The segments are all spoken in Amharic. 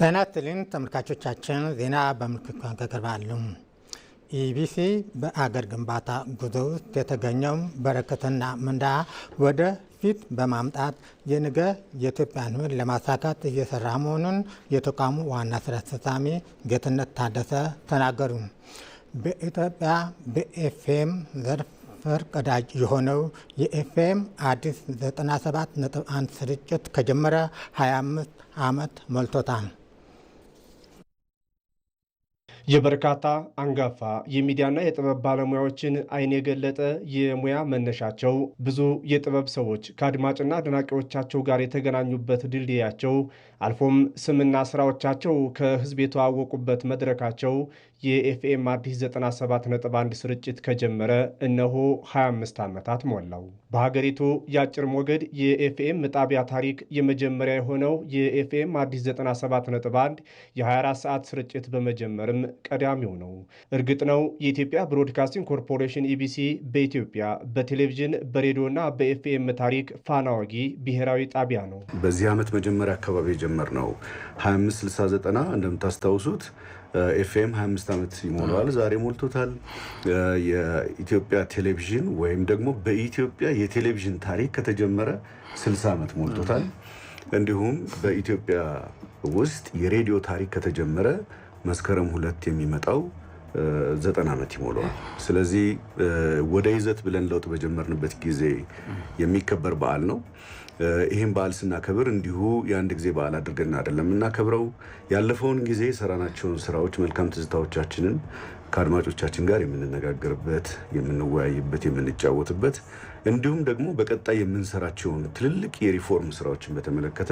ጤና ይስጥልን ተመልካቾቻችን፣ ዜና በምልክት ቋንቋ ይቀርባሉ። ኢቢሲ በአገር ግንባታ ጉዞ ውስጥ የተገኘው በረከትና ምንዳ ወደ ፊት በማምጣት የነገ የኢትዮጵያን ሕልም ለማሳካት እየሰራ መሆኑን የተቋሙ ዋና ስራ አስፈጻሚ ጌትነት ታደሰ ተናገሩ። በኢትዮጵያ በኤፍኤም ዘርፍ ቀዳጅ የሆነው የኤፍኤም አዲስ 97.1 ስርጭት ከጀመረ 25 ዓመት ሞልቶታል። የበርካታ አንጋፋ የሚዲያና የጥበብ ባለሙያዎችን አይን የገለጠ የሙያ መነሻቸው ብዙ የጥበብ ሰዎች ከአድማጭና አድናቂዎቻቸው ጋር የተገናኙበት ድልድያቸው አልፎም ስምና ስራዎቻቸው ከህዝብ የተዋወቁበት መድረካቸው የኤፍኤም አዲስ ነጥባ1 ስርጭት ከጀመረ እነሆ 25 ዓመታት ሞላው። በሀገሪቱ የአጭር ሞገድ የኤፍኤም ጣቢያ ታሪክ የመጀመሪያ የሆነው የኤፍኤም አዲስ 1 የ24 ሰዓት ስርጭት በመጀመርም ቀዳሚው ነው። እርግጥ ነው የኢትዮጵያ ብሮድካስቲንግ ኮርፖሬሽን ኢቢሲ በኢትዮጵያ በቴሌቪዥን በሬዲዮና በኤፍኤም ታሪክ ፋና ወጊ ብሔራዊ ጣቢያ ነው። በዚህ ዓመት መጀመሪያ አካባቢ ነው 2569 እንደምታስታውሱት ኤፍኤም 25 ዓመት ይሞላዋል። ዛሬ ሞልቶታል። የኢትዮጵያ ቴሌቪዥን ወይም ደግሞ በኢትዮጵያ የቴሌቪዥን ታሪክ ከተጀመረ 60 ዓመት ሞልቶታል። እንዲሁም በኢትዮጵያ ውስጥ የሬዲዮ ታሪክ ከተጀመረ መስከረም ሁለት የሚመጣው ዘጠና ዓመት ይሞላዋል። ስለዚህ ወደ ይዘት ብለን ለውጥ በጀመርንበት ጊዜ የሚከበር በዓል ነው። ይህም በዓል ስናከብር እንዲሁ የአንድ ጊዜ በዓል አድርገን አይደለም እናከብረው። ያለፈውን ጊዜ የሰራናቸውን ስራዎች፣ መልካም ትዝታዎቻችንን ከአድማጮቻችን ጋር የምንነጋገርበት፣ የምንወያይበት፣ የምንጫወትበት እንዲሁም ደግሞ በቀጣይ የምንሰራቸውን ትልልቅ የሪፎርም ስራዎችን በተመለከተ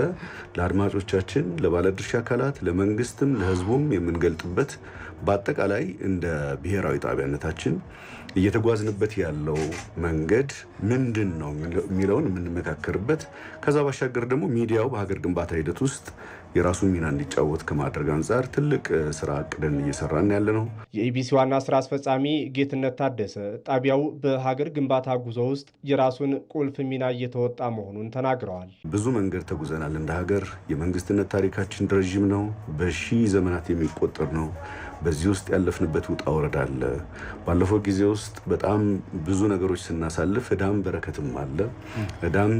ለአድማጮቻችን፣ ለባለድርሻ አካላት፣ ለመንግስትም፣ ለህዝቡም የምንገልጥበት በአጠቃላይ እንደ ብሔራዊ ጣቢያነታችን እየተጓዝንበት ያለው መንገድ ምንድን ነው የሚለውን የምንመካከርበት ከዛ ባሻገር ደግሞ ሚዲያው በሀገር ግንባታ ሂደት ውስጥ የራሱን ሚና እንዲጫወት ከማድረግ አንጻር ትልቅ ስራ አቅደን እየሰራን ያለ ነው። የኢቢሲ ዋና ስራ አስፈጻሚ ጌትነት ታደሰ ጣቢያው በሀገር ግንባታ ጉዞ ውስጥ የራሱን ቁልፍ ሚና እየተወጣ መሆኑን ተናግረዋል። ብዙ መንገድ ተጉዘናል። እንደ ሀገር የመንግስትነት ታሪካችን ረዥም ነው። በሺ ዘመናት የሚቆጠር ነው። በዚህ ውስጥ ያለፍንበት ውጣ ውረድ አለ። ባለፈው ጊዜ ውስጥ በጣም ብዙ ነገሮች ስናሳልፍ እዳም በረከትም አለ፣ እዳም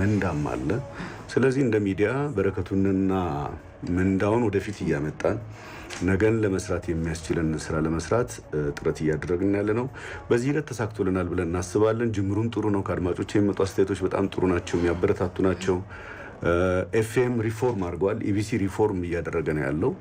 ምንዳም አለ። ስለዚህ እንደ ሚዲያ በረከቱንና ምንዳውን ወደፊት እያመጣን ነገን ለመስራት የሚያስችለን ስራ ለመስራት ጥረት እያደረግን ያለ ነው። በዚህ ሂደት ተሳክቶልናል ብለን እናስባለን። ጅምሩን ጥሩ ነው። ከአድማጮች የሚመጡ አስተያየቶች በጣም ጥሩ ናቸው፣ የሚያበረታቱ ናቸው። ኤፍኤም ሪፎርም አድርገዋል። ኢቢሲ ሪፎርም እያደረገ ነው ያለው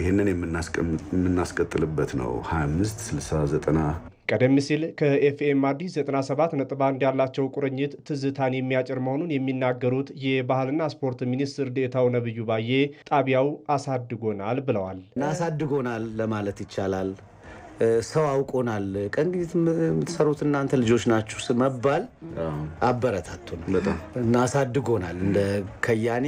ይህንን የምናስቀጥልበት ነው 25 60 90 ቀደም ሲል ከኤፍኤም አዲስ 97.1 ያላቸው ቁርኝት ትዝታን የሚያጭር መሆኑን የሚናገሩት የባህልና ስፖርት ሚኒስትር ዴታው ነብዩ ባዬ ጣቢያው አሳድጎናል ብለዋል። አሳድጎናል ለማለት ይቻላል። ሰው አውቆናል። ቀን ጊዜ የምትሰሩት እናንተ ልጆች ናችሁ መባል አበረታቱን እና አሳድጎናል እንደ ከያኔ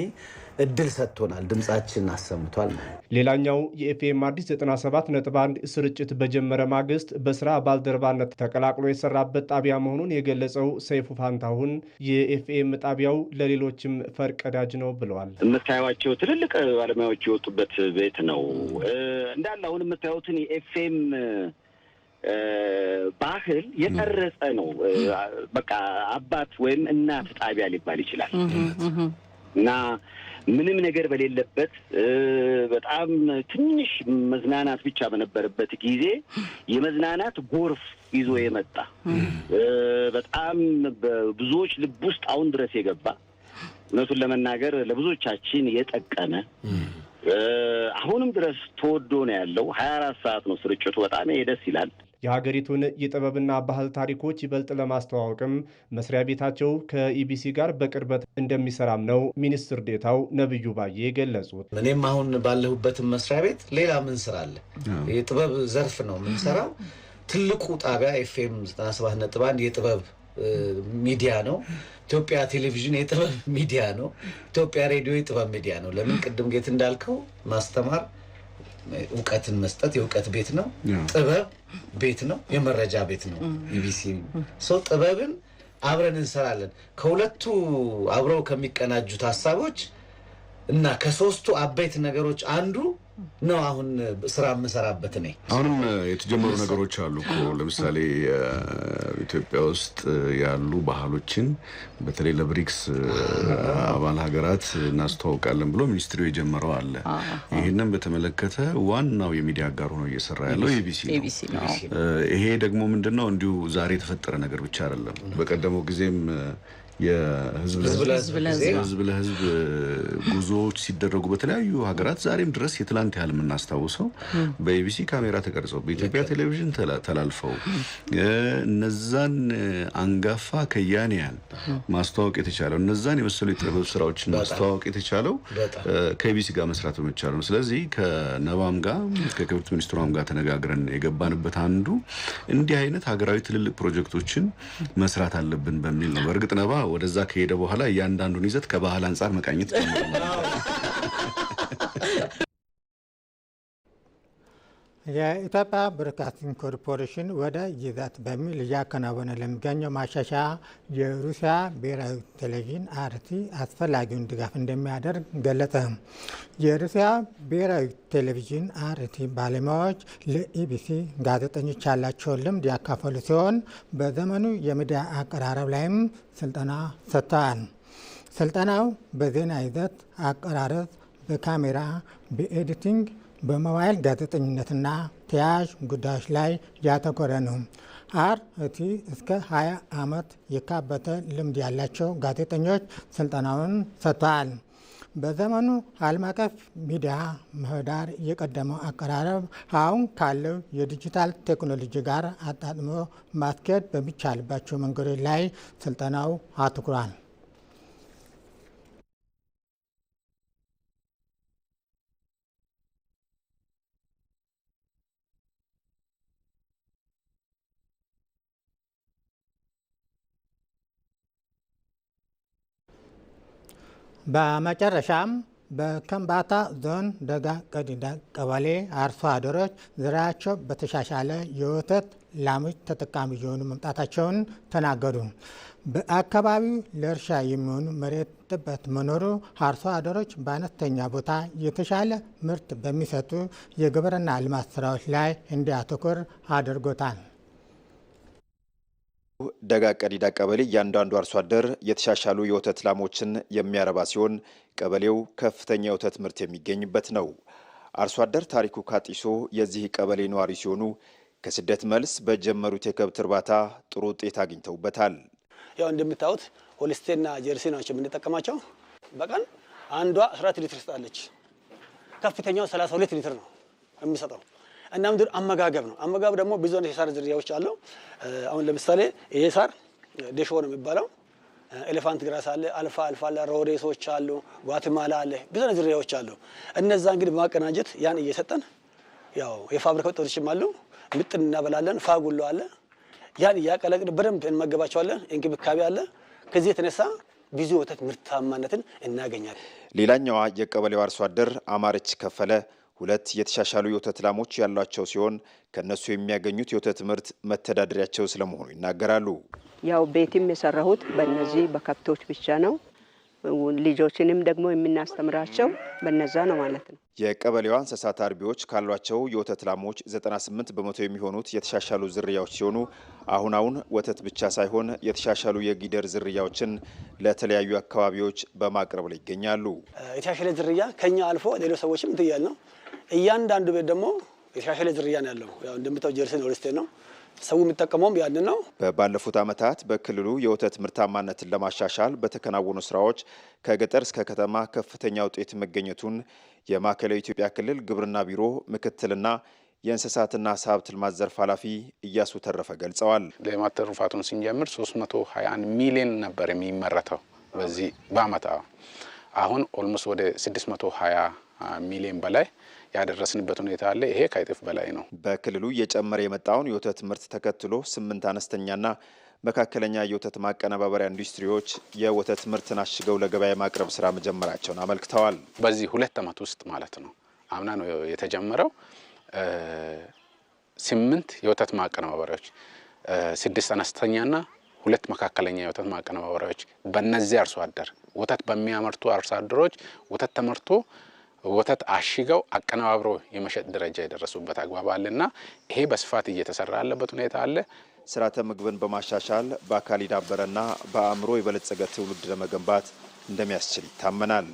እድል ሰጥቶናል። ድምፃችን አሰምቷል። ሌላኛው የኤፍኤም አዲስ 1 ስርጭት በጀመረ ማግስት በስራ ባልደረባነት ተቀላቅሎ የሰራበት ጣቢያ መሆኑን የገለጸው ሰይፉ ፋንታሁን የኤፍኤም ጣቢያው ለሌሎችም ፈርቀዳጅ ነው ብለዋል። የምታዩቸው ትልልቅ ባለሙያዎች የወጡበት ቤት ነው እንዳለ አሁን የምታዩትን የኤፍኤም ባህል የቀረጸ ነው። በቃ አባት ወይም እናት ጣቢያ ሊባል ይችላል እና ምንም ነገር በሌለበት በጣም ትንሽ መዝናናት ብቻ በነበረበት ጊዜ የመዝናናት ጎርፍ ይዞ የመጣ በጣም በብዙዎች ልብ ውስጥ አሁን ድረስ የገባ እውነቱን ለመናገር ለብዙዎቻችን የጠቀመ አሁንም ድረስ ተወዶ ነው ያለው። ሀያ አራት ሰዓት ነው ስርጭቱ። በጣም ደስ ይላል። የሀገሪቱን የጥበብና ባህል ታሪኮች ይበልጥ ለማስተዋወቅም መስሪያ ቤታቸው ከኢቢሲ ጋር በቅርበት እንደሚሰራም ነው ሚኒስትር ዴታው ነብዩ ባዬ ገለጹት። እኔም አሁን ባለሁበትም መስሪያ ቤት ሌላ ምን ስራ አለ? የጥበብ ዘርፍ ነው የምንሰራው። ትልቁ ጣቢያ ኤፍኤም 97.1 የጥበብ ሚዲያ ነው። ኢትዮጵያ ቴሌቪዥን የጥበብ ሚዲያ ነው። ኢትዮጵያ ሬዲዮ የጥበብ ሚዲያ ነው። ለምን ቅድም ጌት እንዳልከው ማስተማር እውቀትን መስጠት የእውቀት ቤት ነው። ጥበብ ቤት ነው። የመረጃ ቤት ነው። ኢቢሲ ሰው ጥበብን አብረን እንሰራለን። ከሁለቱ አብረው ከሚቀናጁት ሀሳቦች እና ከሶስቱ አበይት ነገሮች አንዱ ነው አሁን ስራ የምሰራበት እኔ። አሁንም የተጀመሩ ነገሮች አሉ እኮ ለምሳሌ ኢትዮጵያ ውስጥ ያሉ ባህሎችን በተለይ ለብሪክስ አባል ሀገራት እናስተዋውቃለን ብሎ ሚኒስትሪው የጀመረው አለ። ይህንም በተመለከተ ዋናው የሚዲያ አጋር ሆኖ እየሰራ ያለው ኤቢሲ ነው። ይሄ ደግሞ ምንድን ነው እንዲሁ ዛሬ የተፈጠረ ነገር ብቻ አይደለም። በቀደመው ጊዜም የህዝብ ለህዝብ ጉዞዎች ሲደረጉ በተለያዩ ሀገራት ዛሬም ድረስ የትላንት ያህል የምናስታውሰው በኢቢሲ ካሜራ ተቀርጸው በኢትዮጵያ ቴሌቪዥን ተላልፈው እነዛን አንጋፋ ከያንያን ማስተዋወቅ የተቻለው እነዛን የመሰሉ የጥበብ ስራዎችን ማስተዋወቅ የተቻለው ከኢቢሲ ጋር መስራት በመቻሉ ነው። ስለዚህ ከነባም ጋር ከክብርት ሚኒስትሯም ጋር ተነጋግረን የገባንበት አንዱ እንዲህ አይነት ሀገራዊ ትልልቅ ፕሮጀክቶችን መስራት አለብን በሚል ነው። በእርግጥ ነባ ወደዛ ከሄደ በኋላ እያንዳንዱን ይዘት ከባህል አንጻር መቃኘት ጀምረናል። የኢትዮጵያ ብሮድካስቲንግ ኮርፖሬሽን ወደ ይዘት በሚል እያከናወነ ለሚገኘው ማሻሻያ የሩሲያ ብሔራዊ ቴሌቪዥን አርቲ አስፈላጊውን ድጋፍ እንደሚያደርግ ገለጸ። የሩሲያ ብሔራዊ ቴሌቪዥን አርቲ ባለሙያዎች ለኢቢሲ ጋዜጠኞች ያላቸውን ልምድ ያካፈሉ ሲሆን በዘመኑ የሚዲያ አቀራረብ ላይም ስልጠና ሰጥተዋል። ስልጠናው በዜና ይዘት አቀራረብ፣ በካሜራ፣ በኤዲቲንግ በሞባይል ጋዜጠኝነትና ተያያዥ ጉዳዮች ላይ ያተኮረ ነው። አር እቲ እስከ 20 ዓመት የካበተ ልምድ ያላቸው ጋዜጠኞች ስልጠናውን ሰጥተዋል። በዘመኑ ዓለም አቀፍ ሚዲያ ምህዳር የቀደመው አቀራረብ አሁን ካለው የዲጂታል ቴክኖሎጂ ጋር አጣጥሞ ማስኬድ በሚቻልባቸው መንገዶች ላይ ስልጠናው አትኩሯል። በመጨረሻም በከምባታ ዞን ደጋ ቀዲዳ ቀበሌ አርሶ አደሮች ዝርያቸው በተሻሻለ የወተት ላሞች ተጠቃሚ የሆኑ መምጣታቸውን ተናገሩ። በአካባቢው ለእርሻ የሚሆኑ መሬት ጥበት መኖሩ አርሶ አደሮች በአነስተኛ ቦታ የተሻለ ምርት በሚሰጡ የግብርና ልማት ስራዎች ላይ እንዲያተኩር አድርጎታል። ደጋ ቀዲዳ ቀበሌ እያንዳንዱ አርሶ አደር የተሻሻሉ የወተት ላሞችን የሚያረባ ሲሆን ቀበሌው ከፍተኛ የወተት ምርት የሚገኝበት ነው። አርሶ አደር ታሪኩ ካጢሶ የዚህ ቀበሌ ነዋሪ ሲሆኑ ከስደት መልስ በጀመሩት የከብት እርባታ ጥሩ ውጤት አግኝተውበታል። ያው እንደምታዩት ሆሊስቴና ጀርሲ ናቸው የምንጠቀማቸው። በቀን አንዷ 14 ሊትር ስጣለች። ከፍተኛው 32 ሊትር ነው የሚሰጠው። ምድር አመጋገብ ነው። አመጋገብ ደግሞ ብዙ አይነት የሳር ዝርያዎች አሉ። አሁን ለምሳሌ ይሄ ሳር ደሾ ነው የሚባለው። ኤሌፋንት ግራስ አለ፣ አልፋ አልፋ አለ፣ ሮሬሶች አሉ፣ ጓትማላ አለ፣ ብዙ አይነት ዝርያዎች አሉ። እነዛ እንግዲህ በማቀናጀት ያን እየሰጠን ያው የፋብሪካ ወጣቶችም አሉ፣ ምጥን እናበላለን፣ ፋጉሎ አለ። ያን እያቀለቅን በደንብ እንመገባቸዋለን። እንክብካቤ አለ። ከዚህ የተነሳ ብዙ ወተት ምርታማነትን እናገኛለን። ሌላኛዋ የቀበሌው አርሶ አደር አማረች ከፈለ ሁለት የተሻሻሉ የወተት ላሞች ያሏቸው ሲሆን ከእነሱ የሚያገኙት የወተት ምርት መተዳደሪያቸው ስለመሆኑ ይናገራሉ። ያው ቤትም የሰራሁት በእነዚህ በከብቶች ብቻ ነው። ልጆችንም ደግሞ የምናስተምራቸው በነዛ ነው ማለት ነው። የቀበሌዋ እንስሳት አርቢዎች ካሏቸው የወተት ላሞች 98 በመቶ የሚሆኑት የተሻሻሉ ዝርያዎች ሲሆኑ አሁን አሁን ወተት ብቻ ሳይሆን የተሻሻሉ የጊደር ዝርያዎችን ለተለያዩ አካባቢዎች በማቅረብ ላይ ይገኛሉ። የተሻሻለ ዝርያ ከኛ አልፎ ሌሎች ሰዎችም ትያል ነው እያንዳንዱ ቤት ደግሞ የተሻሻለ ዝርያ ነው ያለው። እንደምታው ጀርሲ ነው ነው። ሰው የሚጠቀመውም ያንን ነው። ባለፉት ዓመታት በክልሉ የወተት ምርታማነትን ለማሻሻል በተከናወኑ ስራዎች ከገጠር እስከ ከተማ ከፍተኛ ውጤት መገኘቱን የማዕከላዊ ኢትዮጵያ ክልል ግብርና ቢሮ ምክትልና የእንስሳትና ዓሳ ሀብት ልማት ዘርፍ ኃላፊ እያሱ ተረፈ ገልጸዋል። ሌማት ትሩፋቱን ስንጀምር 321 ሚሊዮን ነበር የሚመረተው በዚህ በአመት አሁን ኦልሞስት ወደ 620 ሚሊዮን በላይ ያደረስንበት ሁኔታ አለ። ይሄ ከእጥፍ በላይ ነው። በክልሉ እየጨመረ የመጣውን የወተት ምርት ተከትሎ ስምንት አነስተኛና መካከለኛ የወተት ማቀነባበሪያ ኢንዱስትሪዎች የወተት ምርትን አሽገው ለገበያ የማቅረብ ስራ መጀመራቸውን አመልክተዋል። በዚህ ሁለት ዓመት ውስጥ ማለት ነው። አምና ነው የተጀመረው። ስምንት የወተት ማቀነባበሪያዎች፣ ስድስት አነስተኛና ሁለት መካከለኛ የወተት ማቀነባበሪያዎች በእነዚህ አርሶ አደር ወተት በሚያመርቱ አርሶ አደሮች ወተት ተመርቶ ወተት አሽገው አቀነባብሮ የመሸጥ ደረጃ የደረሱበት አግባብ አለና ይሄ በስፋት እየተሰራ ያለበት ሁኔታ አለ። ስርዓተ ምግብን በማሻሻል በአካል የዳበረና በአእምሮ የበለጸገ ትውልድ ለመገንባት እንደሚያስችል ይታመናል።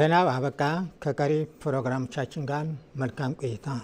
ዜና አበቃ። ከቀሪ ፕሮግራሞቻችን ጋር መልካም ቆይታ